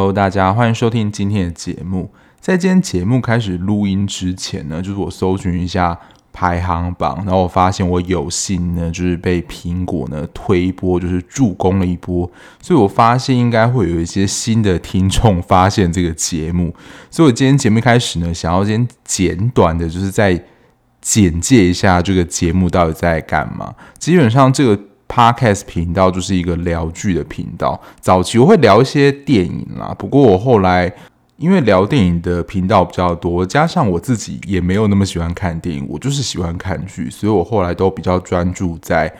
hello，大家歡迎收聽今天的節目。在今天節目開始錄音之前呢，就是我搜尋一下排行榜，然後我發現我有幸呢，就是被蘋果呢推一波，就是助攻了一波，所以我發現應該會有一些新的聽眾發現這個節目。所以我今天節目開始呢，想要先簡短的，就是再簡介一下這個節目到底在幹嘛。基本上這個。Podcast 頻道就是一個聊劇的頻道。早期我會聊一些電影啦，不過我後來因為聊電影的頻道比較多，加上我自己也沒有那麼喜歡看電影，我就是喜歡看劇，所以我後來都比較專注在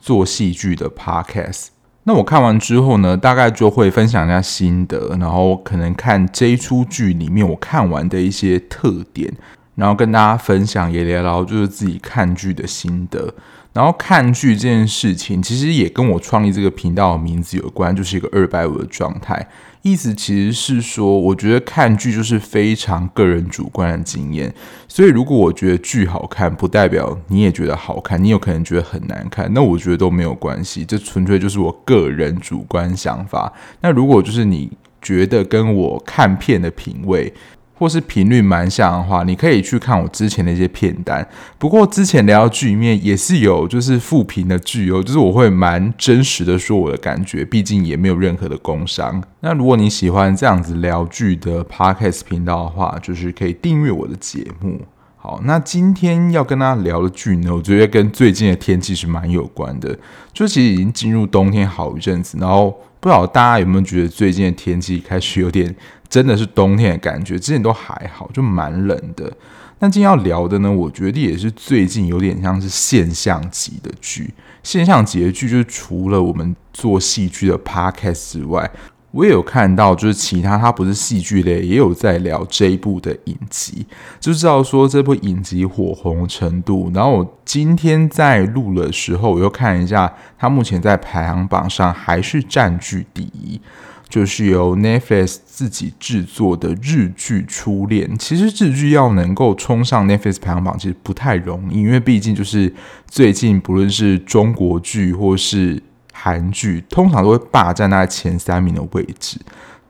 做戲劇的 Podcast。那我看完之後呢，大概就會分享一下心得，然後可能看這一出劇裡面我看完的一些特點，然後跟大家分享也聊聊就是自己看劇的心得。然後看劇這件事情，其實也跟我創立這個頻道的名字有關，就是一個二百五的狀態。意思其實是說，我覺得看劇就是非常個人主觀的經驗，所以如果我覺得劇好看，不代表你也覺得好看，你有可能覺得很難看，那我覺得都沒有關係，這純粹就是我個人主觀想法。那如果就是你覺得跟我看片的品味，或是頻率蠻像的話，你可以去看我之前的一些片單。不過之前聊的劇裡面也是有，就是負評的劇哦，就是我會蠻真實的說我的感覺，畢竟也沒有任何的工商。那如果你喜歡這樣子聊劇的 podcast 頻道的話，就是可以訂閱我的節目。好，那今天要跟大家聊的劇呢，我覺得跟最近的天氣是蠻有關的，就其實已經進入冬天好一陣子，然後不知道大家有沒有覺得最近的天氣開始有點。真的是冬天的感覺，之前都還好，就蠻冷的。那今天要聊的呢，我覺得也是最近有點像是現象級的劇。現象級的劇，就是除了我們做戲劇的 podcast 之外，我也有看到，就是其他它不是戲劇類，也有在聊這一部的影集，就知道說這部影集火紅程度。然後我今天在錄的時候，我又看一下，它目前在排行榜上還是佔據第一。就是由 Netflix 自己製作的日劇《初戀》，其實日劇要能夠衝上 Netflix 排行榜，其實不太容易，因為畢竟就是最近不論是中國劇或是韓劇，通常都會霸占在前三名的位置。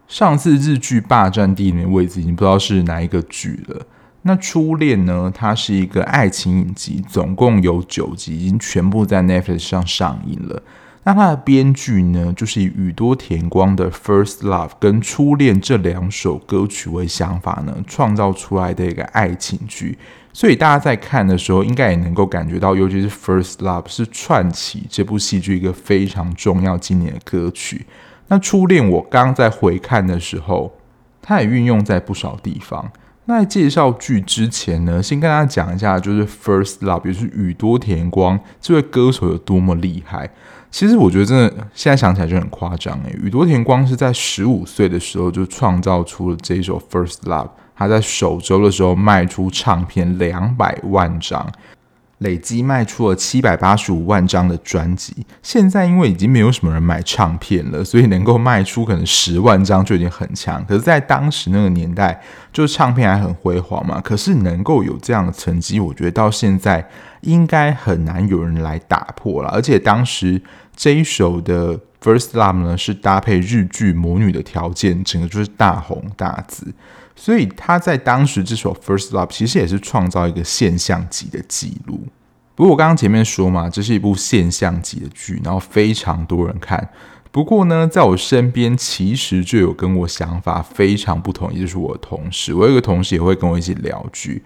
上次日劇霸占第一名的位置，已經不知道是哪一個劇了。那《初戀》呢，它是一個愛情影集，總共有九集，已經全部在 Netflix 上上映了。那它的編劇呢，就是以宇多田光的《First Love》跟《初戀》這兩首歌曲為想法呢，創造出來的一個愛情劇。所以大家在看的時候，應該也能夠感覺到，尤其是《First Love》是串起這部戲劇一個非常重要經典的歌曲。那《初戀》，我剛在回看的時候，它也運用在不少地方。那在介紹劇之前呢，先跟大家講一下，就是《First Love》，也就是宇多田光這位歌手有多麼厲害。其實我覺得真的，現在想起來就很誇張哎。宇多田光是在十五歲的時候就創造出了這一首《First Love》，他在首周的時候賣出唱片兩百萬張，累計賣出了七百八十五萬張的專輯。現在因為已經沒有什麼人買唱片了，所以能夠賣出可能十萬張就已經很強。可是，在當時那個年代，就唱片還很輝煌嘛。可是能夠有這樣的成績，我覺得到現在。應該很難有人來打破啦,而且當時這一首的 First Love 呢，是搭配日劇《魔女》的條件，整個就是大紅大紫，所以他在當時這首 First Love 其實也是創造一個現象級的記錄。不過我剛剛前面說嘛，這是一部現象級的劇，然後非常多人看。不過呢，在我身邊其實就有跟我想法非常不同，也就是我的同事，我有一個同事也會跟我一起聊劇。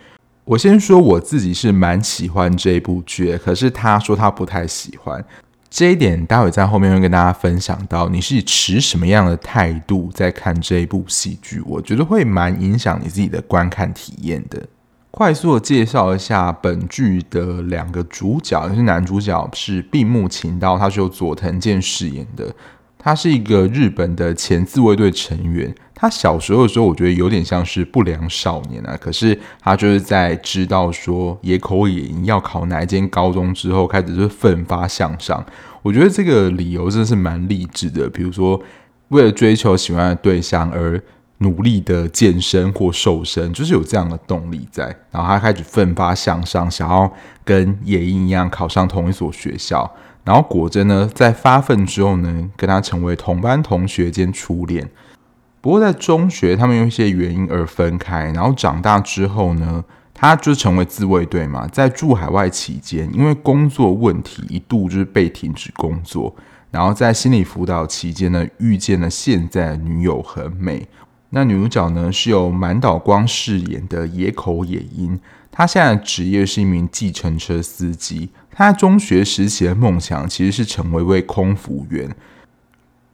我先說我自己是蠻喜歡這部劇，可是他說他不太喜歡。這一點待會在後面會跟大家分享到，你是持什麼樣的態度在看這一部戲劇，我覺得會蠻影響你自己的觀看體驗的。快速的介紹一下本劇的兩個主角，就是男主角是並木晴道，他是由佐藤健飾演的。他是一個日本的前自衛隊成員。他小時候的時候，我覺得有點像是不良少年啊。可是他就是在知道說野口也英要考哪一間高中之後，開始就奮發向上。我覺得這個理由真的是蠻勵志的。比如說，為了追求喜歡的對象而努力的健身或瘦身，就是有這樣的動力在。然後他開始奮發向上，想要跟也英一樣考上同一所學校。然後果真呢，在發奮之後呢，跟他成為同班同學兼初戀。不過在中學，他們有一些原因而分開。然後長大之後呢，他就成為自衛隊嘛。在駐海外期間，因為工作問題，一度就是被停止工作。然後在心理輔導期間呢，遇見了現在的女友，很美。那女主角呢，是由滿島光飾演的野口也英。他現在職業是一名計程車司機。他在中學時期的夢想其實是成為一位空服員，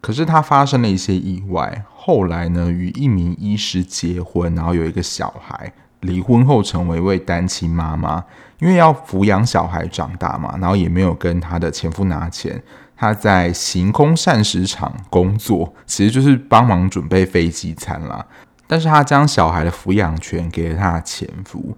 可是他發生了一些意外。後來呢，與一名醫師結婚，然後有一個小孩。離婚後成為一位單親媽媽，因為要撫養小孩長大嘛，然後也沒有跟他的前夫拿錢。他在行空膳食廠工作，其實就是幫忙準備飛機餐啦。但是他將小孩的撫養權給了他的前夫。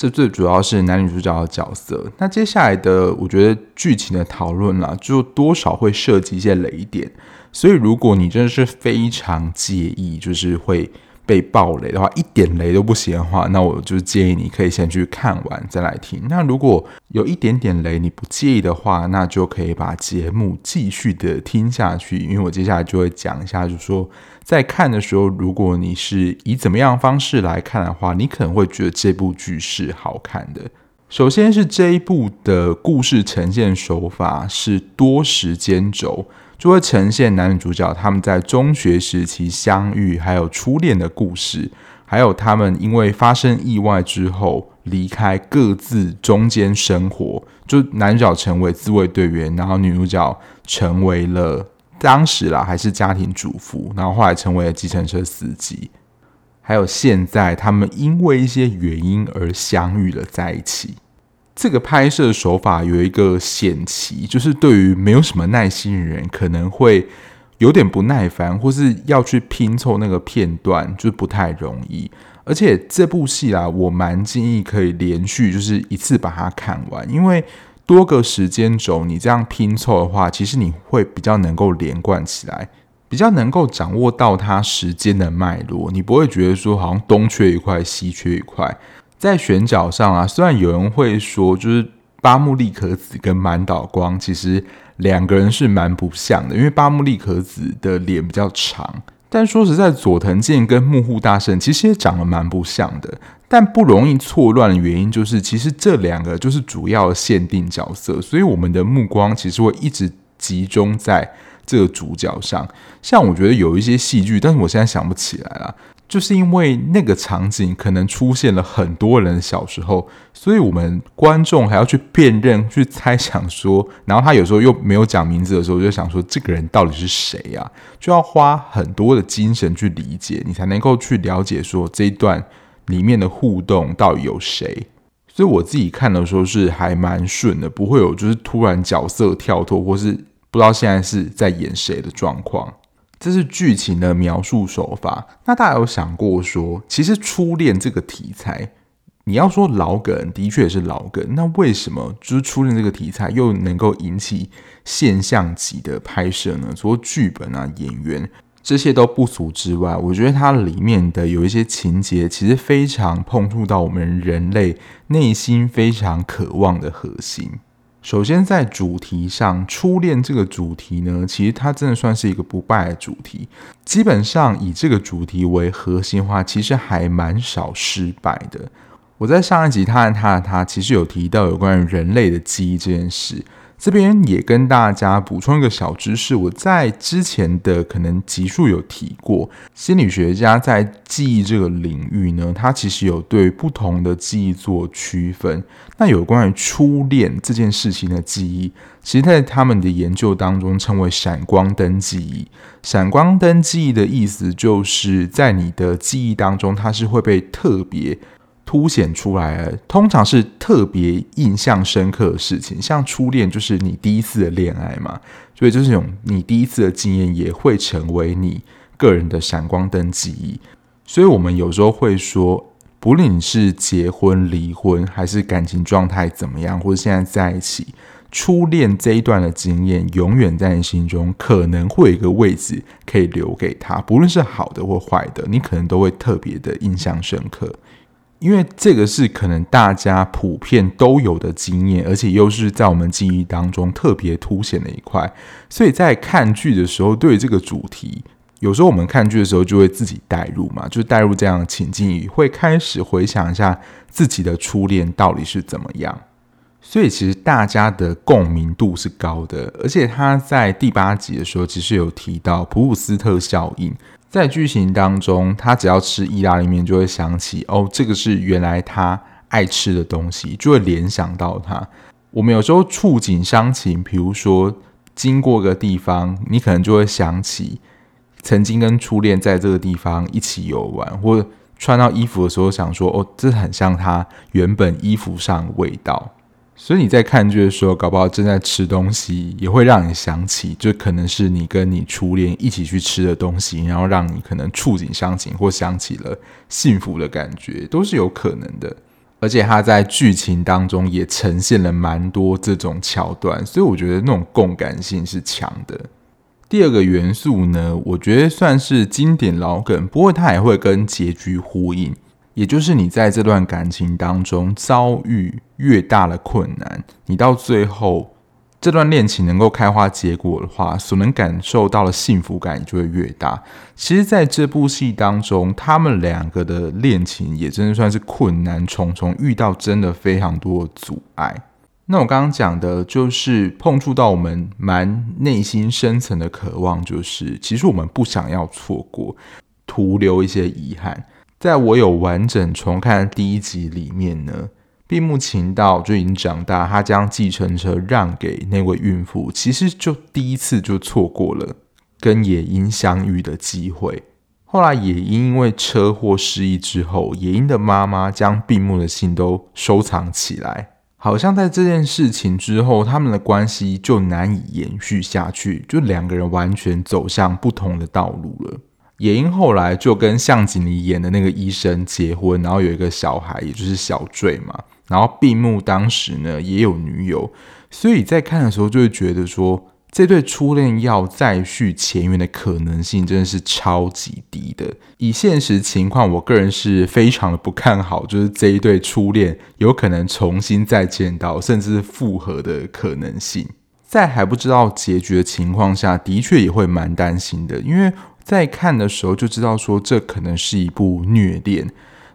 這最主要是男女主角的角色，那接下來的我覺得劇情的討論啦、啊，就多少會涉及一些雷點，所以如果你真的是非常介意，就是會。被爆雷的話，一點雷都不行的話，那我就建議你可以先去看完再來聽。那如果有一點點雷你不介意的話，那就可以把節目繼續的聽下去。因為我接下來就會講一下，就是說在看的時候，如果你是以怎麼樣方式來看的話，你可能會覺得這部劇是好看的。首先是這一部的故事呈現手法是多時間軸。就會呈現男女主角他們在中學時期相遇，還有初戀的故事，還有他們因為發生意外之後離開各自中間生活。就男主角成為自衛隊員，然後女主角成為了，當時啦，還是家庭主婦，然後後來成為了計程車司機，還有現在他們因為一些原因而相遇了在一起。這個拍攝手法有一個險棋，就是對於沒有什麼耐心的人，可能會有點不耐煩，或是要去拼湊那個片段，就不太容易。而且這部戲啊，我蠻建議可以連續就是一次把它看完，因為多個時間軸你這樣拼湊的話，其實你會比較能夠連貫起來，比較能夠掌握到它時間的脈絡，你不會覺得說好像東缺一塊，西缺一塊。在選角上啊，雖然有人會說，就是八木莉可子跟滿島光，其實兩個人是蠻不像的，因為八木莉可子的臉比較長。但說實在，佐藤健跟木戶大聖其實也長得蠻不像的。但不容易錯亂的原因就是，其實這兩個就是主要的限定角色，所以我們的目光其實會一直集中在這個主角上。像我覺得有一些戲劇，但是我現在想不起來了。就是因為那個場景可能出現了很多人小時候，所以我們觀眾還要去辨認、去猜想說，然後他有時候又沒有講名字的時候，就想說這個人到底是誰啊？就要花很多的精神去理解，你才能夠去了解說這一段裡面的互動到底有誰。所以我自己看的時候是還蠻順的，不會有就是突然角色跳脫或是不知道現在是在演誰的狀況。這是劇情的描述手法。那大家有想過說，其實初戀這個題材，你要說老梗，的確也是老梗。那為什麼就是初戀這個題材又能夠引起現象級的拍攝呢？除了劇本啊、演員這些都不俗之外，我覺得它裡面的有一些情節，其實非常碰觸到我們人類內心非常渴望的核心。首先，在主題上，初戀這個主題呢，其實它真的算是一個不敗的主題。基本上以這個主題為核心的話，其實還蠻少失敗的。我在上一集《他、他、他》其實有提到有關於人類的記憶這件事。這邊也跟大家補充一個小知識，我在之前的可能集數有提過，心理學家在記憶這個領域呢，他其實有對不同的記憶做區分。那有關於初戀這件事情的記憶，其實在他們的研究當中稱為“閃光燈記憶”。閃光燈記憶的意思就是在你的記憶當中，它是會被特別凸顯出來，通常是特別印象深刻的事情，像初戀，就是你第一次的戀愛嘛，所以就是那種你第一次的經驗，也會成為你個人的閃光燈記憶。所以，我們有時候會說，不論是結婚、離婚，還是感情狀態怎麼樣，或者現在在一起，初戀這一段的經驗，永遠在你心中可能會有一個位置可以留給他，不論是好的或壞的，你可能都會特別的印象深刻。因為這個是可能大家普遍都有的經驗，而且又是在我們記憶當中特別凸顯的一塊，所以在看劇的時候，對這個主題，有時候我們看劇的時候就會自己帶入嘛，就帶入這樣情境，也會開始回想一下自己的初戀到底是怎麼樣。所以其實大家的共鳴度是高的，而且他在第八集的時候其實有提到普魯斯特效應。在劇情當中，他只要吃意大利麵，就會想起哦，這個是原來他愛吃的東西，就會聯想到他。我們有時候觸景傷情，比如說經過一個地方，你可能就會想起曾經跟初戀在這個地方一起遊玩，或穿到衣服的時候想說哦，這很像他原本衣服上的味道。所以你在看劇的時候，搞不好正在吃東西，也會讓你想起，就可能是你跟你初戀一起去吃的東西，然後讓你可能觸景傷情，或想起了幸福的感覺，都是有可能的。而且它在劇情當中也呈現了蠻多這種橋段，所以我覺得那種共感性是強的。第二個元素呢，我覺得算是經典老梗，不過它也會跟結局呼應。也就是你在這段感情當中遭遇越大的困難，你到最後這段戀情能夠開花結果的話，所能感受到的幸福感也就會越大。其實，在這部戲當中，他們兩個的戀情也真的算是困難重重，遇到真的非常多的阻礙。那我剛剛講的就是碰觸到我們蠻內心深層的渴望，就是其實我們不想要錯過，徒留一些遺憾。在我有完整重看的第一集裡面呢，並木晴道就已經長大，他將計程車讓給那位孕婦，其實就第一次就錯過了跟也英相遇的機會。後來也英因為車禍失憶之後，也英的媽媽將並木的信都收藏起來，好像在這件事情之後，他們的關係就難以延續下去，就兩個人完全走向不同的道路了。也因後來就跟向井理演的那個醫生結婚，然後有一個小孩，也就是小墜嘛。然後閉幕當時呢也有女友，所以在看的時候就會覺得說，這對初戀要再續前緣的可能性真的是超級低的。以現實情況，我個人是非常的不看好，就是這一對初戀有可能重新再見到，甚至是複合的可能性。在還不知道結局的情況下，的確也會蠻擔心的，因為。在看的時候就知道說，這可能是一部虐戀。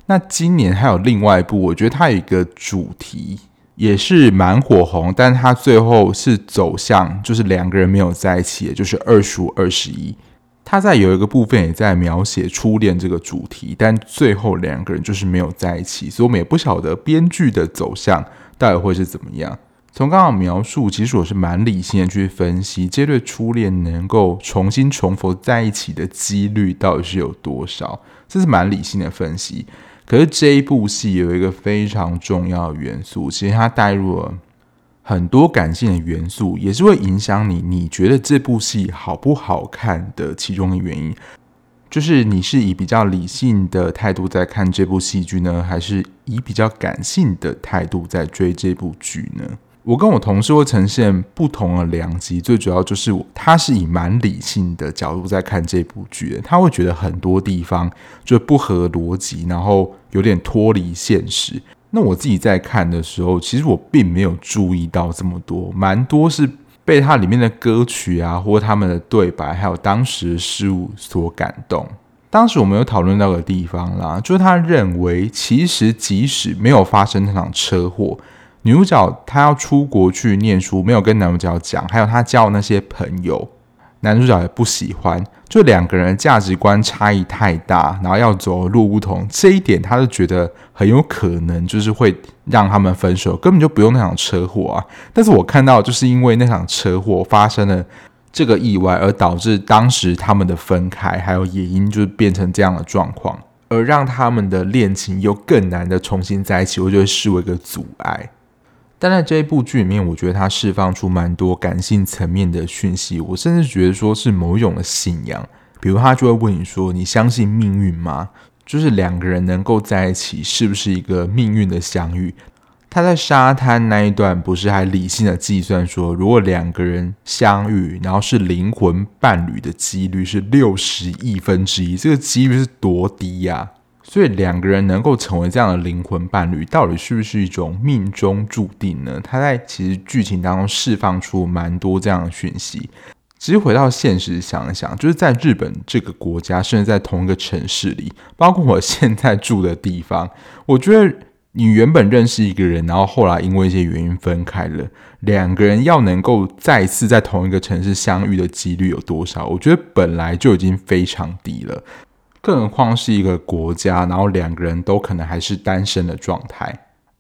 那今年還有另外一部，我覺得它有一個主題也是蠻火紅，但它最後是走向就是兩個人沒有在一起，也就是二十五，二十一。它在有一個部分也在描寫初戀這個主題，但最後兩個人就是沒有在一起，所以我們也不曉得編劇的走向到底會是怎麼樣。從剛剛描述，其實我是蠻理性的去分析這對初戀能夠重新重逢在一起的幾率到底是有多少，這是蠻理性的分析。可是這一部戲有一個非常重要的元素，其實它帶入了很多感性的元素，也是會影響你你覺得這部戲好不好看的其中的原因。就是你是以比較理性的態度在看這部戲劇呢，還是以比較感性的態度在追這部劇呢？我跟我同事會呈現不同的兩極。最主要就是，他是以蠻理性的角度在看這部劇的，他會覺得很多地方就不合邏輯，然後有點脫離現實。那我自己在看的時候，其實我並沒有注意到這麼多，蠻多是被他裡面的歌曲啊，或他們的對白，還有當時的事物所感動。當時我們有討論到的地方啦，就是他認為，其實即使沒有發生那場車禍。女主角她要出國去念書，沒有跟男主角講，還有她交那些朋友，男主角也不喜歡，就兩個人的價值觀差異太大，然後要走路不同，這一點他就覺得很有可能就是會讓他們分手，根本就不用那場車禍啊。但是我看到就是因為那場車禍發生了這個意外，而導致當時他們的分開，還有也因就是變成這樣的狀況，而讓他們的戀情又更難的重新在一起，我就會視為一個阻礙。但在這一部劇裡面，我覺得他釋放出蠻多感性層面的訊息，我甚至覺得說是某一種的信仰。比如他就會問你說：“你相信命運嗎？”就是兩個人能夠在一起，是不是一個命運的相遇？他在沙灘那一段，不是還理性的計算說，如果兩個人相遇，然後是靈魂伴侶的幾率是六十億分之一，這個幾率是多低呀、啊？所以兩個人能夠成為這樣的靈魂伴侶，到底是不是一種命中注定呢？他在其實劇情當中釋放出蠻多這樣的訊息。其實回到現實想一想，就是在日本這個國家，甚至在同一個城市裡，包括我現在住的地方，我覺得你原本認識一個人，然後後來因為一些原因分開了，兩個人要能夠再次在同一個城市相遇的幾率有多少？我覺得本來就已經非常低了。更何況是一個國家，然後兩個人都可能還是單身的狀態。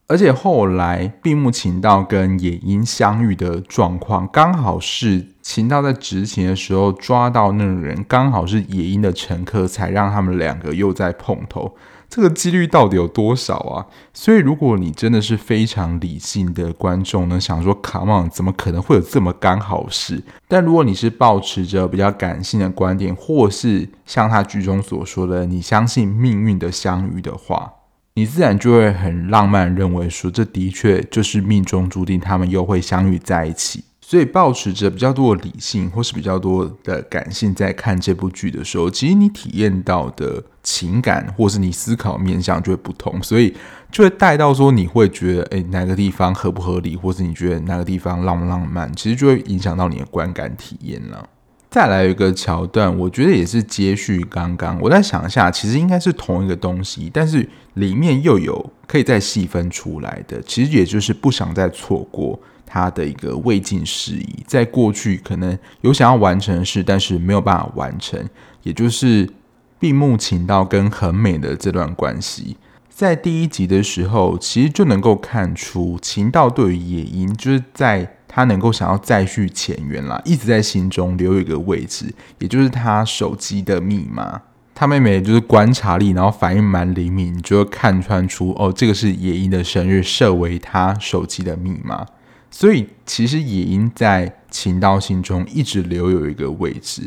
而且後來，並木晴道跟也英相遇的狀況，剛好是晴道在執勤的時候抓到那個人，剛好是也英的乘客，才讓他們兩個又在碰頭。這個幾率到底有多少啊？所以，如果你真的是非常理性的觀眾呢，想說 Come on，怎麼可能會有這麼剛好事？但如果你是抱持着比較感性的觀點，或是像他劇中所說的，你相信命運的相遇的話，你自然就會很浪漫，認為說這的確就是命中注定，他們又會相遇在一起。所以，抱持着比較多的理性，或是比較多的感性，在看這部劇的時候，其實你體驗到的情感，或是你思考面向就會不同，所以就會帶到說，你會覺得，哎，哪個地方合不合理，或是你覺得哪個地方浪不浪漫，其實就會影響到你的觀感體驗了。再來一個橋段，我覺得也是接續剛剛，我再想一下，其實應該是同一個東西，但是裡面又有可以再細分出來的，其實也就是不想再錯過。他的一個未盡事宜，在過去可能有想要完成的事，但是沒有辦法完成，也就是並木晴道跟很美的這段關係，在第一集的時候，其實就能夠看出晴道對於也英，就是在他能夠想要再續前緣啦，一直在心中留一個位置，也就是他手機的密碼。他妹妹就是觀察力，然後反應蠻靈敏，你就會看穿出哦，這個是也英的生日，設為他手機的密碼。所以，其實也英在晴道心中一直留有一個位置。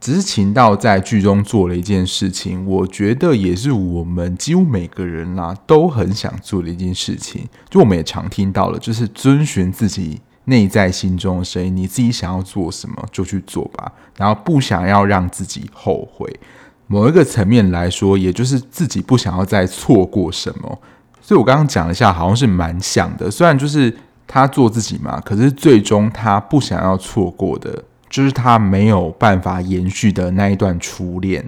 只是晴道在劇中做了一件事情，我覺得也是我們幾乎每個人啦、啊、都很想做的一件事情。就我們也常聽到了，就是遵循自己內在心中的聲音，你自己想要做什麼就去做吧，然後不想要讓自己後悔。某一個層面來說，也就是自己不想要再錯過什麼。所以我剛剛講一下，好像是蠻像的，雖然就是。他做自己嘛？可是最終他不想要錯過的，就是他沒有辦法延續的那一段初戀。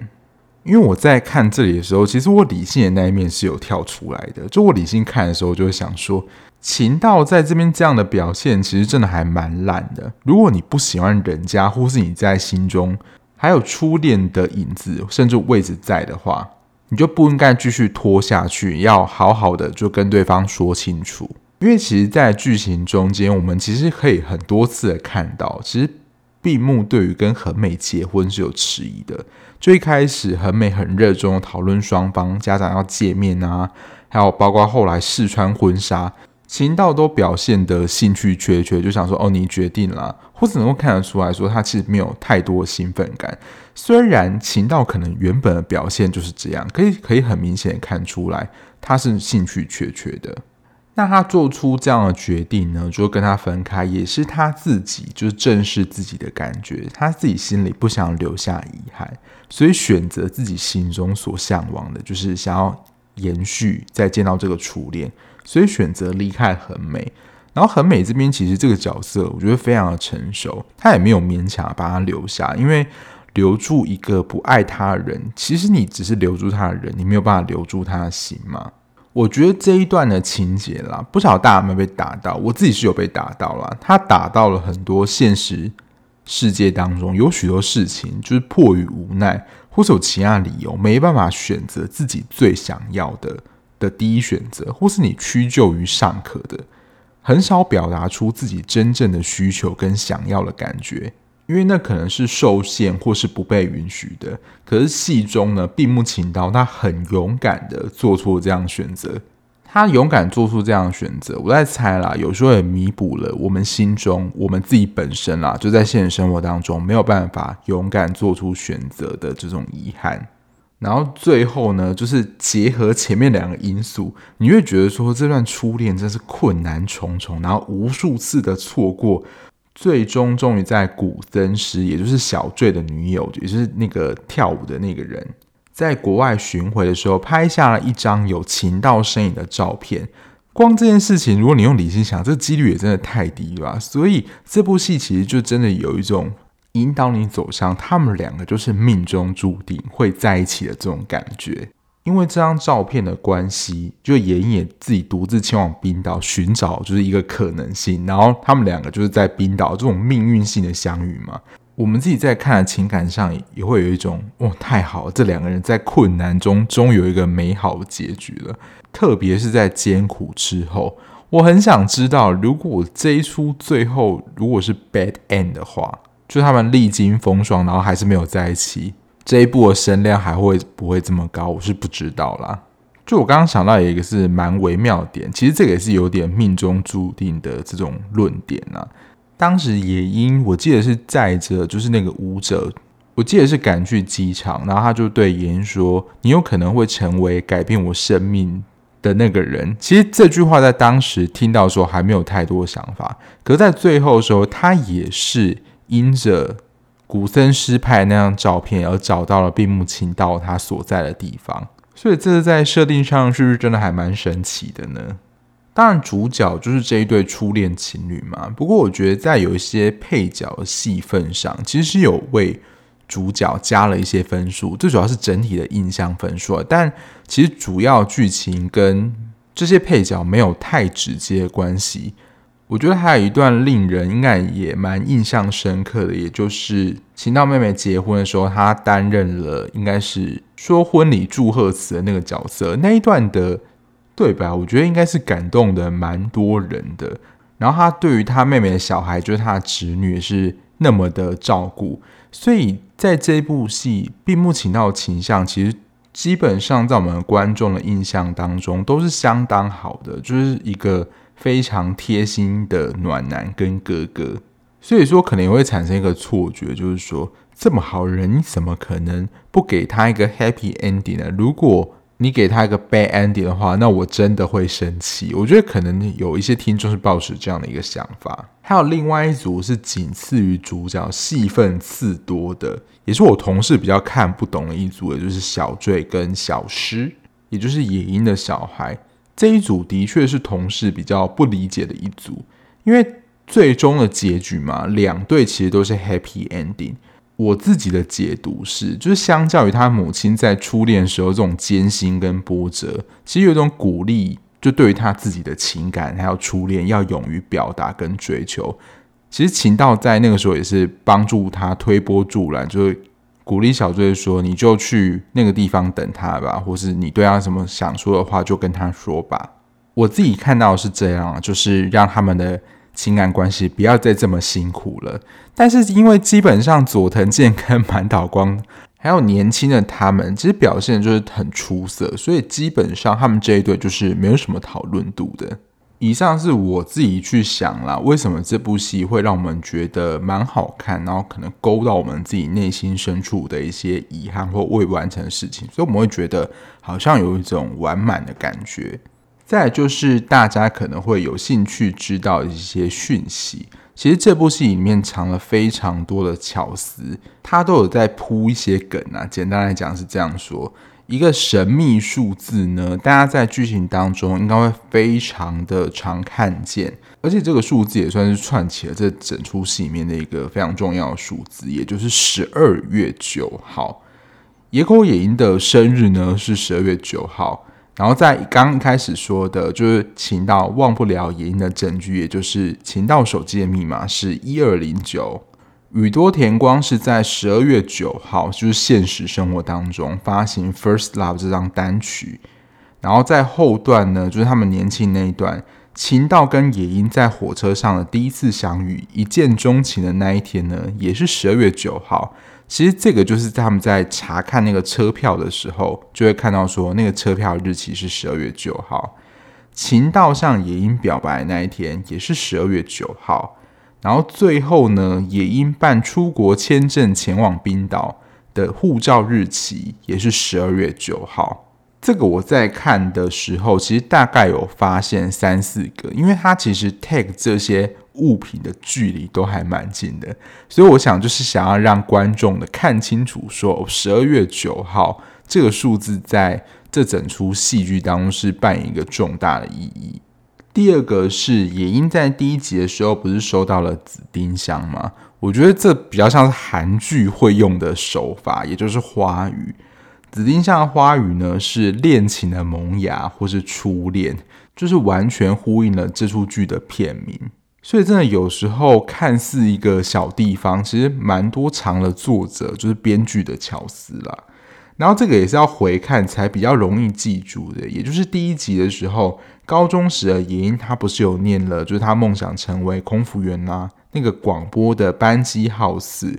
因為我在看這裡的時候，其實我理性的那一面是有跳出來的。就我理性看的時候，我就會想說，晴道在這邊這樣的表現，其實真的還蠻爛的。如果你不喜歡人家，或是你在心中還有初戀的影子，甚至位置在的話，你就不應該繼續拖下去，要好好的就跟對方說清楚。因為其實，在劇情中間，我們其實可以很多次的看到，其實並木對於跟恆美結婚是有遲疑的。最開始，恆美很熱衷討論雙方家長要見面啊，還有包括後來試穿婚紗，晴道都表現得興趣缺缺，就想說哦，你決定啦，或者能夠看得出來說，他其實沒有太多的興奮感。雖然晴道可能原本的表現就是這樣，可以可以很明顯看出來，他是興趣缺缺的。那他做出這樣的決定呢，就跟他分開，也是他自己，就是正視自己的感覺。他自己心裡不想留下遺憾，所以選擇自己心中所向往的，就是想要延續再見到這個初戀，所以選擇離開很美。然後很美這邊其實這個角色，我覺得非常的成熟。他也沒有勉強把他留下，因為留住一個不愛他的人，其實你只是留住他的人，你沒有辦法留住他的心嘛。我覺得這一段的情節啦，不知道大家有沒有被打到，我自己是有被打到啦。他打到了很多現實世界當中，有許多事情就是迫於無奈，或是有其他理由，沒辦法選擇自己最想要的的第一選擇，或是你屈就於尚可的，很少表達出自己真正的需求跟想要的感覺。因為那可能是受限或是不被允許的，可是戲中呢，並木晴道他很勇敢的做出了這樣的選擇。他勇敢做出這樣的選擇，我在猜啦，有時候也彌補了我們心中我們自己本身啦，就在現實生活當中沒有辦法勇敢做出選擇的這種遺憾。然後最後呢，就是結合前面兩個因素，你會覺得說這段初戀真是困難重重，然後無數次的錯過。最終，終於在古增師，也就是小醉的女友，也就是那個跳舞的那個人，在國外巡回的時候，拍下了一張有情到身影的照片。光這件事情，如果你用理性想，這幾率也真的太低了。所以，這部戲其實就真的有一種引導你走向他們兩個就是命中注定會在一起的這種感覺。因為這張照片的關係，就妍妍自己獨自前往冰島尋找，就是一個可能性。然後他們兩個就是在冰島這種命運性的相遇嘛。我們自己在看的情感上也會有一種哇，太好了，這兩個人在困難中終有一個美好的結局了。特別是在艱苦之後，我很想知道，如果這一齣最後如果是 bad end 的話，就他們歷經風霜，然後還是沒有在一起。這一部的聲量還會不會這麼高？我是不知道啦。就我剛剛想到有一個是蠻微妙點，其實這個也是有點命中注定的這種論點啦。當時也英我記得是載着，就是那個舞者，我記得是趕去機場，然後他就對也英說：“你有可能會成為改變我生命的那個人。”其實這句話在當時聽到的時候還沒有太多想法，可是在最後的時候，他也是因着。古森師派那張照片，而找到了並木晴道他所在的地方。所以，這在設定上是不是真的還蠻神奇的呢？當然，主角就是這一對初戀情侶嘛。不過，我覺得在有一些配角的戲份上，其實是有為主角加了一些分數，最主要是整體的印象分數。但其實主要劇情跟這些配角沒有太直接關係。我覺得還有一段令人應該也蠻印象深刻的，也就是晴道妹妹結婚的時候，她擔任了應該是說婚禮祝賀詞的那個角色，那一段的對白，我覺得應該是感動的蠻多人的。然後她對於她妹妹的小孩，就是她的侄女，是那麼的照顧，所以在這部戲，並木晴道的形象，其實基本上在我們觀眾的印象當中都是相當好的，就是一個非常貼心的暖男跟哥哥，所以說可能也會產生一個錯覺，就是說這麼好人，你怎麼可能不給他一個 happy ending 呢？如果你給他一個 bad ending 的話，那我真的會生氣。我覺得可能有一些聽眾是抱持這樣的一個想法。還有另外一組是僅次於主角戲份次多的，也是我同事比較看不懂的一組，也就是小綴跟小詩，也就是也英的小孩。這一組的確是同事比較不理解的一組，因為最終的結局嘛，兩對其實都是 happy ending。我自己的解讀是，就是相較於他母親在初戀時候這種艱辛跟波折，其實有一種鼓勵，就對於他自己的情感還有初戀，要勇於表達跟追求。其實情道在那個時候也是幫助他推波助瀾，就是。鼓勵小綴說：“你就去那個地方等他吧，或是你對他什麼想說的話就跟他說吧。”我自己看到的是這樣，就是讓他們的情感關係不要再這麼辛苦了。但是因為基本上佐藤健跟滿島光還有年輕的他們，其實表現就是很出色，所以基本上他們這一對就是沒有什麼討論度的。以上是我自己去想啦，為什麼這部戲會讓我們覺得蠻好看，然後可能勾到我們自己內心深處的一些遺憾或未完成的事情，所以我們會覺得好像有一種完滿的感覺。再來就是大家可能會有興趣知道一些訊息，其實這部戲裡面藏了非常多的巧思，它都有在鋪一些梗啊。簡單來講是這樣說。一個神秘數字呢，大家在劇情當中應該會非常的常看見，而且這個數字也算是串起了這整出戲裡面的一個非常重要的數字，也就是十二月九號，野口也英的生日呢是十二月九號。然後在剛開始說的，就是晴道忘不了也英的證據，也就是晴道手機的密碼是一二零九。宇多田光是在十二月九號，就是現實生活當中發行《First Love》這張單曲，然後在後段呢，就是他們年輕那一段，晴道跟也英在火車上的第一次相遇，一見鍾情的那一天呢，也是十二月九號。其實這個就是在他們在查看那個車票的時候，就會看到說那個車票日期是十二月九號。晴道向也英表白的那一天也是十二月九號。然後最後呢，也因辦出國簽證前往冰島的護照日期也是十二月九號。這個我在看的時候，其實大概有發現三四個，因為它其實 tag 這些物品的距離都還蠻近的。所以我想就是想要讓觀眾的看清楚說，說十二月九號這個數字在這整出戲劇當中是扮演一個重大的意義。第二個是也英，在第一集的時候不是收到了紫丁香嗎？我覺得這比較像是韓劇會用的手法，也就是花語。紫丁香的花語呢，是戀情的萌芽，或是初戀，就是完全呼應了這出劇的片名。所以真的有時候看似一個小地方，其實蠻多藏了作者，就是編劇的巧思啦。然後這個也是要回看才比較容易記住的，也就是第一集的時候。高中時的也英，他不是有念了，就是他夢想成為空服員啦、啊，那個廣播的班機號碼，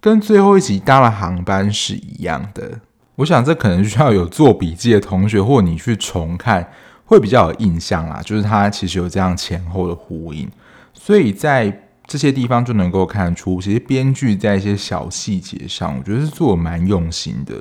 跟最後一集搭了航班是一樣的。我想這可能需要有做筆記的同學，或你去重看，會比較有印象啦。就是他其實有這樣前後的呼應，所以在這些地方就能夠看出，其實編劇在一些小細節上，我覺得是做得蠻用心的。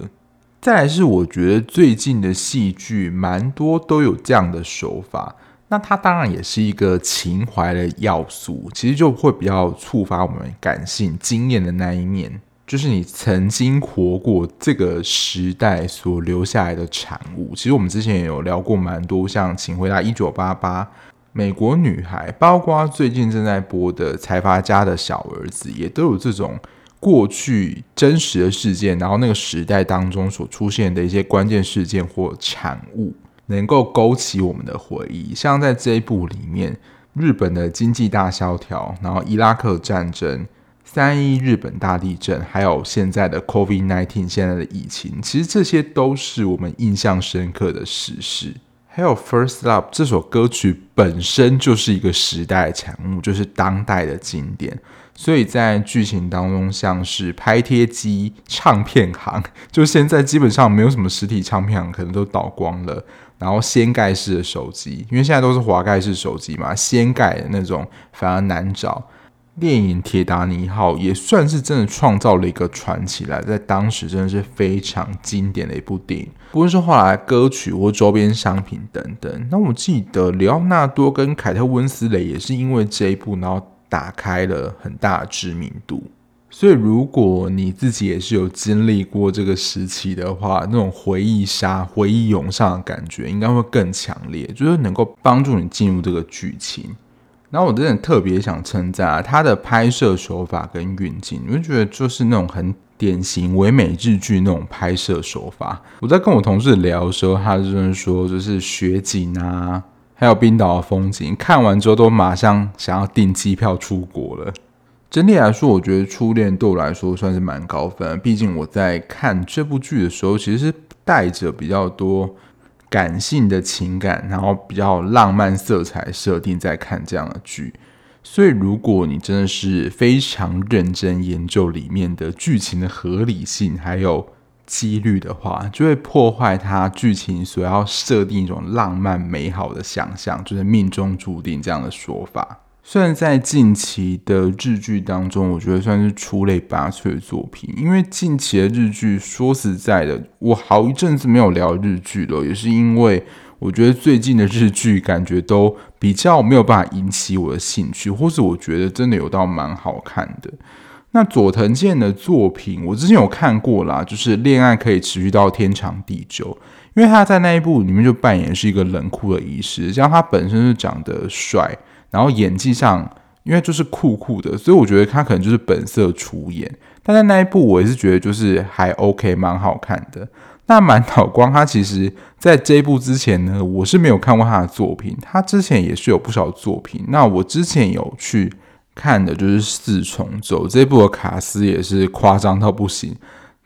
再來是我覺得最近的戲劇蠻多都有這樣的手法，那它當然也是一個情懷的要素，其實就會比較觸發我們感性經驗的那一面，就是你曾經活過這個時代所留下來的產物。其實我們之前也有聊過蠻多，像《請回答一九八八》、《美國女孩》，包括最近正在播的《財閥家的小兒子》，也都有這種。過去真實的事件，然後那個時代當中所出現的一些關鍵事件或產物，能夠勾起我們的回憶。像在這一部裡面，日本的經濟大蕭條，然後伊拉克戰爭、三一日本大地震，還有現在的 COVID-19 現在的疫情，其實這些都是我們印象深刻的史實。還有《First Love》這首歌曲本身就是一個時代的產物，就是當代的經典。所以在劇情當中，像是拍貼機、唱片行，就現在基本上沒有什麼實體唱片行，可能都倒光了。然後掀蓋式的手機，因為現在都是滑蓋式手機嘛，掀蓋的那種反而難找。電影《鐵達尼號》也算是真的創造了一個傳奇，在當時真的是非常經典的一部電影。不論是後來歌曲或週邊商品等等。那我記得，李奧納多跟凱特溫絲蕾也是因為這一部，然後打開了很大的知名度。所以，如果你自己也是有經歷過這個時期的話，那種回憶殺、回憶湧上的感覺，應該會更強烈，就是能夠幫助你進入這個劇情。然後我真的特別想稱讚啊，他的拍攝手法跟運鏡，我就覺得就是那種很典型唯美日劇那種拍攝手法。我在跟我同事聊的時候，他就是說，就是雪景啊，還有冰島的風景，看完之後都馬上想要訂機票出國了。整體來說，我覺得《初戀》對我來說算是蠻高分，畢竟我在看這部劇的時候，其實是帶着比較多感性的情感，然後比較浪漫色彩設定，在看這樣的劇，所以如果你真的是非常認真研究裡面的劇情的合理性，還有幾率的話，就會破壞它劇情所要設定一種浪漫美好的想象，就是命中注定這樣的說法。雖然在近期的日劇當中，我覺得算是出類拔萃的作品。因為近期的日劇，說實在的，我好一陣子沒有聊日劇了，也是因為我覺得最近的日劇感覺都比較沒有辦法引起我的興趣，或是我覺得真的有到蠻好看的。那佐藤健的作品，我之前有看過啦，就是《戀愛可以持續到天長地久》，因為他在那一部裡面就扮演是一個冷酷的醫師，加上他本身就長得帥。然後演技上，因為就是酷酷的，所以我覺得他可能就是本色出演。但在那一部，我也是覺得就是還 OK，蠻好看的。那滿島光，他其實在這一部之前呢，我是沒有看過他的作品。他之前也是有不少作品。那我之前有去看的就是《四重奏》，這部的卡斯也是誇張到不行。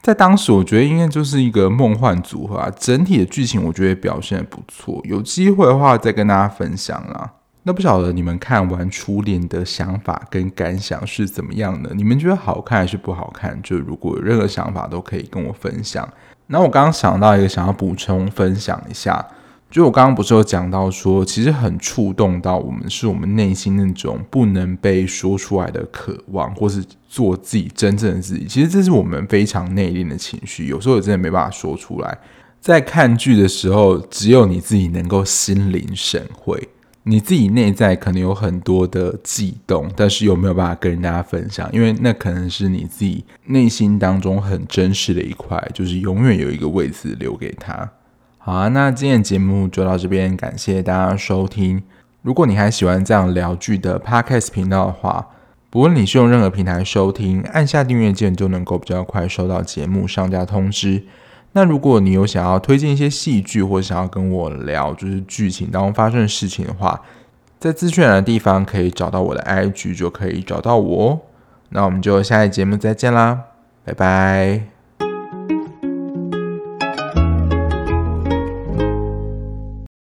在當時，我覺得應該就是一個夢幻組合啊。整體的劇情，我覺得表現得不錯。有機會的話，再跟大家分享啦。那不曉得你們看完《初戀》的想法跟感想是怎麼樣的？你們覺得好看還是不好看？就如果有任何想法，都可以跟我分享。那我剛剛想到一個想要補充分享一下，就我剛剛不是有講到說，其實很觸動到我們，是我們內心那種不能被說出來的渴望，或是做自己真正的自己。其實這是我們非常內斂的情緒，有時候也真的沒辦法說出來。在看劇的時候，只有你自己能夠心領神會。你自己內在可能有很多的悸動，但是又沒有辦法跟大家分享，因為那可能是你自己內心當中很真實的一塊，就是永遠有一個位置留給他。好啊，那今天的節目就到這邊，感謝大家收聽。如果你還喜歡這樣聊劇的 podcast 頻道的話，不論你是用任何平台收聽，按下訂閱鍵就能夠比較快收到節目上架通知。那如果你有想要推薦一些戲劇，或想要跟我聊就是劇情當中發生的事情的話，在資訊欄的地方可以找到我的 IG，就可以找到我哦。那我們就下一節目再見啦，拜拜。